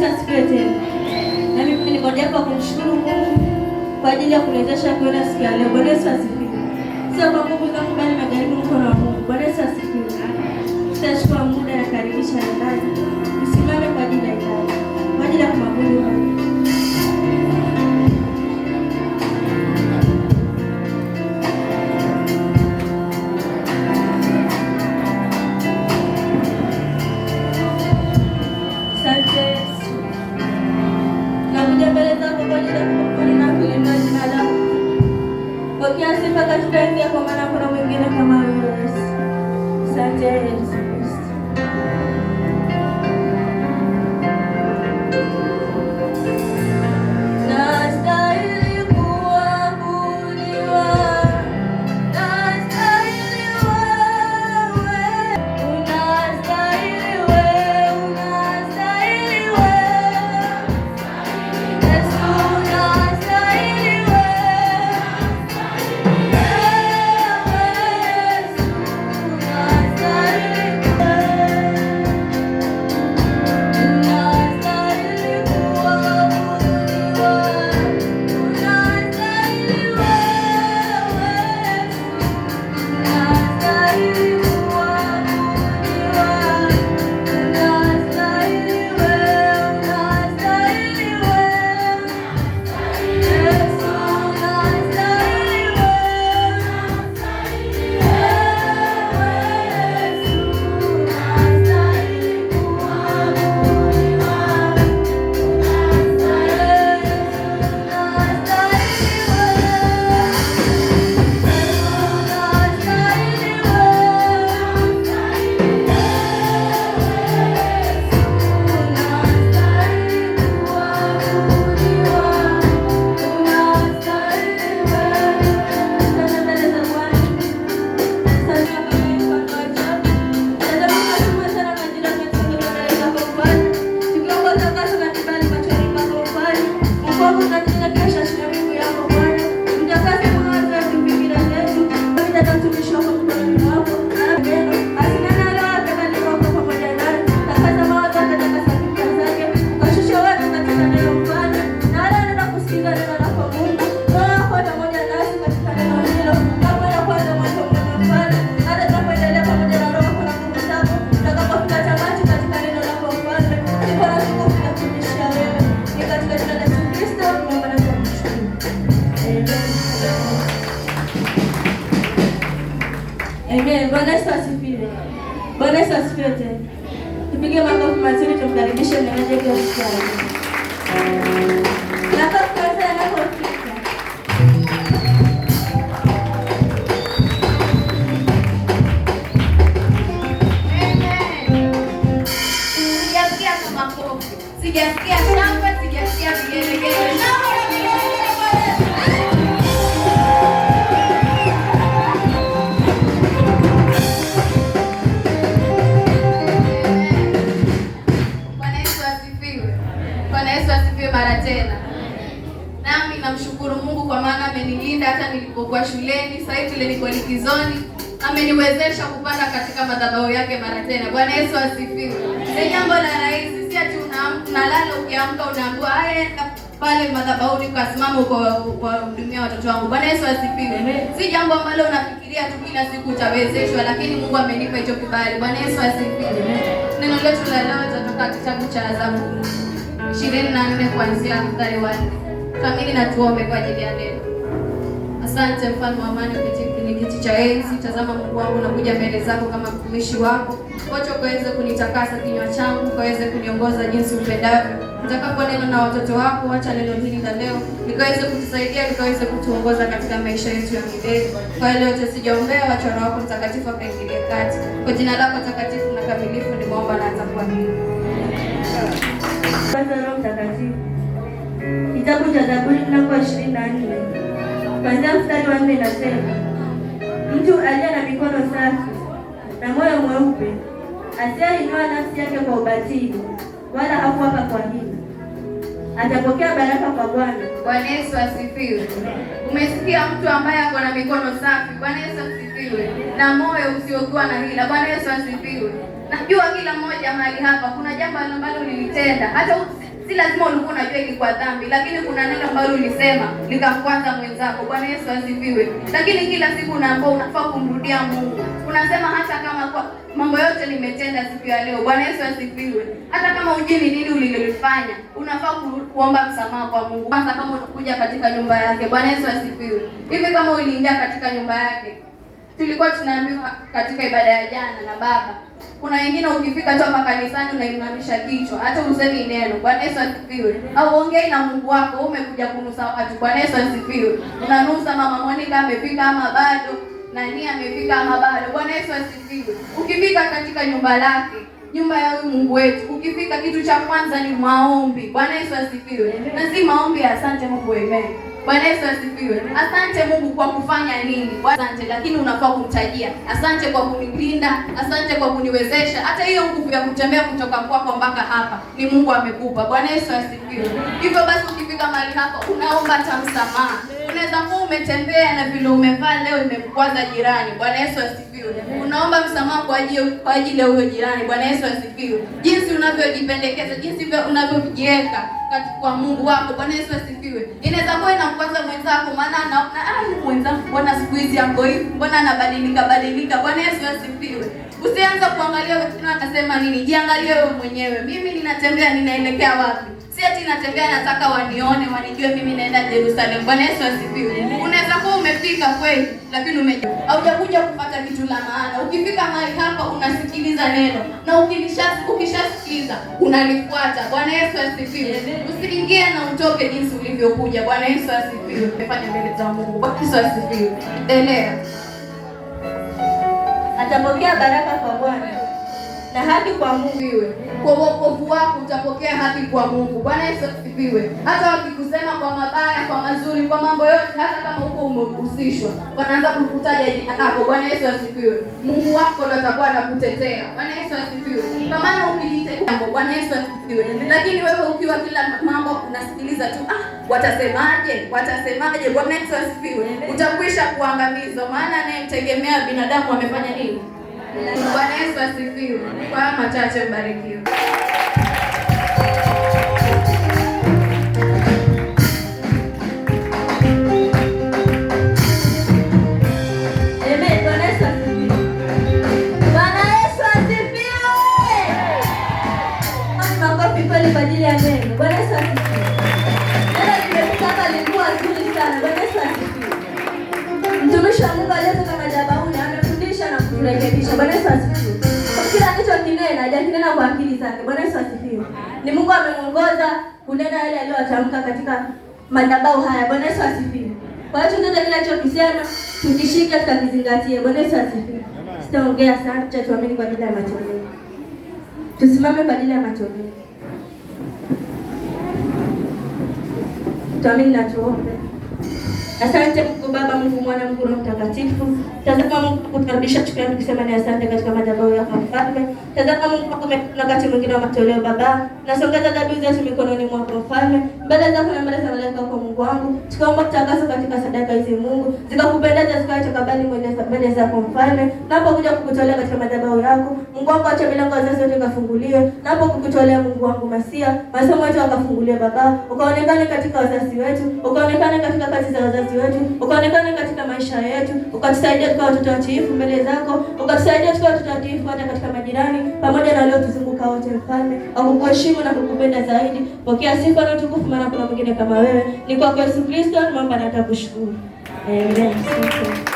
Yesu asifiwe tena. Na mimi niko hapa kumshukuru Mungu kwa ajili ya kuniwezesha kuona siku ya leo. Bwana Yesu asifiwe. Sasa kwa Mungu zangu bali magharibi mkono wa Mungu. Bwana Yesu asifiwe. Tutachukua muda na karibisha ndani. eres Bwana Yesu asifiwe. Bwana Yesu asifiwe tena. Tupige makofi mazuri tumkaribishe nilipokuwa shuleni, sasa hivi niko likizoni. Ameniwezesha kupanda katika madhabahu yake mara tena. Bwana Yesu asifiwe. Si jambo la rahisi, si ati unalala ukiamka unaambiwa haya pale madhabahu ni madhabahuni kwa ukawahudumia watoto wangu. Bwana Yesu asifiwe. Si jambo ambalo unafikiria tu kila siku utawezeshwa, lakini Mungu amenipa hicho kibali. Bwana Yesu asifiwe. Neno letu la leo tutatoka kitabu cha Zaburi 24 kuanzia mstari wa nne. Kamili, na tuombe kwa ajili ya neno. Asante mfalme wa amani, kwenye kiti cha enzi. Tazama Mungu wangu, nakuja mbele zako kama mtumishi wako. Wacha ukaweze kunitakasa kinywa changu, ukaweze kuniongoza jinsi upendavyo. Nitakapo neno na watoto wako, wacha neno hili la leo likaweze kutusaidia, likaweze kutuongoza katika maisha yetu ya milele. Kwa hiyo yote sijaombea, wacha Roho wako Mtakatifu akaingilie kati. Kwa jina lako takatifu na kamilifu mwomba na nitakuamini. Roho Mtakatifu. Kitabu cha Zaburi mlango 24. Kuanzia mstari wa nne nasema mtu aliye na mikono safi na moyo mweupe, asiyeinua nafsi yake kwa ubatili, wala hakuapa kwa hila, atapokea baraka kwa Bwana. Bwana Yesu asifiwe. Umesikia, mtu ambaye ako na mikono safi. Bwana Yesu asifiwe, na moyo usiokuwa na hila. Bwana Yesu asifiwe. Najua kila mmoja mahali hapa kuna jambo ambalo lilitenda hata si lazima ulikuwa unajua ilikuwa dhambi, lakini kuna neno ambalo ulisema likamfuata mwenzako. Bwana Yesu asifiwe. Lakini kila siku unaambao unafaa kumrudia Mungu, unasema hata kama kwa mambo yote nimetenda siku ya leo. Bwana Yesu asifiwe. Hata kama ujini nini ulilifanya unafaa kuomba msamaha kwa Mungu, kwanza, kama unakuja katika nyumba yake. Bwana Yesu asifiwe. Hivi kama uliingia katika nyumba yake Tulikuwa tunaambiwa katika ibada ya jana na baba, kuna wengine ukifika tu hapa kanisani unainamisha kichwa, hata usemi neno. Bwana Yesu asifiwe, au ongei na Mungu wako. Umekuja kunusa watu. Bwana Yesu asifiwe. Unanusa mama Monica amefika ama bado, nani amefika ama bado. Bwana Yesu asifiwe. Ukifika katika nyumba lake nyumba ya huyu Mungu wetu, ukifika kitu cha kwanza ni maombi. Bwana Yesu asifiwe, na si maombi ya asante Mungu, amen. Bwana Yesu asifiwe. Asante Mungu kwa kufanya nini? Asante, lakini unafaa kumtajia. Asante kwa kunilinda, asante kwa kuniwezesha. Hata hiyo nguvu ya kutembea kutoka kwako mpaka hapa ni Mungu amekupa. Bwana Yesu asifiwe. Hivyo basi ukifika mahali hapa unaomba tamsamaha Unaweza kuwa umetembea na vile umevaa leo imemkwaza jirani. Bwana Yesu asifiwe. Unaomba msamaha kwa ajili kwa ajili ya huyo jirani. Bwana Yesu asifiwe. Jinsi unavyojipendekeza, jinsi unavyojiweka kwa Mungu wako. Bwana Yesu asifiwe. Inaweza kuwa inamkwaza mwenzako, maana anaona ah, mwenzangu mbona siku hizi yako hivi, mbona anabadilika badilika. Bwana Yesu asifiwe. Usianza kuangalia wengine wanasema nini, jiangalie wewe mwenyewe. Mimi ninatembea ninaelekea wapi? si ati natembea, nataka wanione, wanijue mimi naenda Jerusalem. Bwana Yesu asifiwe. Unaweza kuwa umefika kweli, lakini ume haujakuja kupata kitu la maana. Ukifika mahali hapa, unasikiliza neno na ukishasikiza unalifuata. Bwana Yesu asifiwe. Usiingie na utoke jinsi ulivyokuja. Bwana Yesu asifiwe. Umefanya mbele za Mungu. Bwana Yesu asifiwe. Endelea, atapokea baraka kwa Bwana na haki kwa Mungu iwe. Kwa wokovu wako utapokea haki kwa Mungu. Bwana Yesu asifiwe. Hata wakikusema kwa mabaya, kwa mazuri, kwa mambo yote, hata kama uko umehusishwa, wanaanza kukutaja jina lako. Bwana Yesu asifiwe. Mungu wako ndo atakuwa anakutetea. Bwana Yesu asifiwe. Kwa maana ukijitetea, Bwana Yesu asifiwe. Lakini wewe ukiwa kila mambo unasikiliza tu, ah, watasemaje? Watasemaje? Bwana Yesu asifiwe. Utakwisha kuangamizwa, maana anayemtegemea binadamu amefanya nini? Bwana Yesu asifiwe. Kwa machache mbarikiwe. kurekebisha. Bwana Yesu asifiwe. Kila alichokinena hajakinena kwa akili zake. Bwana Yesu asifiwe. Ni Mungu amemuongoza kunena yale aliyotamka katika madhabahu haya. Bwana Yesu asifiwe. Kwa hiyo chochote kile alichokisema tukishike, tutakizingatie. Bwana Yesu asifiwe. Sitaongea sana, tuamini kwa ajili ya matoleo. Tusimame kwa ajili ya matoleo. Tuamini na tuombe. Asante Mungu Baba, Mungu Mwana, Mungu Roho Mtakatifu. Tazama Mungu kukaribisha shukrani tukisema ni asante katika madhabahu yako Mfalme. Tazama Mungu kwa wakati mwingine wa matoleo Baba, nasongeza dhabihu zetu mikononi mwako Mfalme, mbele zako na mbele za malaika wako Mungu wangu, tukaomba kutakaswa katika sadaka hizi Mungu zikakupendeza, zikatakabali mbele zako Mfalme, Napo kuja kukutolea katika madhabahu yako Mungu wangu, acha milango ya zazi yote ikafunguliwe, napo kukutolea Mungu wangu masia masomo yetu akafunguliwe Baba, ukaonekane katika wazazi wetu, ukaonekane katika kazi za wazazi wazazi wetu, ukaonekana katika maisha yetu, ukatusaidia tukawa watoto watiifu mbele zako, ukatusaidia tukawa watoto watiifu hata katika majirani pamoja na waliotuzunguka wote. Mfalme akukuheshimu na kukupenda zaidi, pokea sifa na utukufu, maana kuna mwingine kama wewe. Ni kwa Yesu Kristo, naomba na Amen.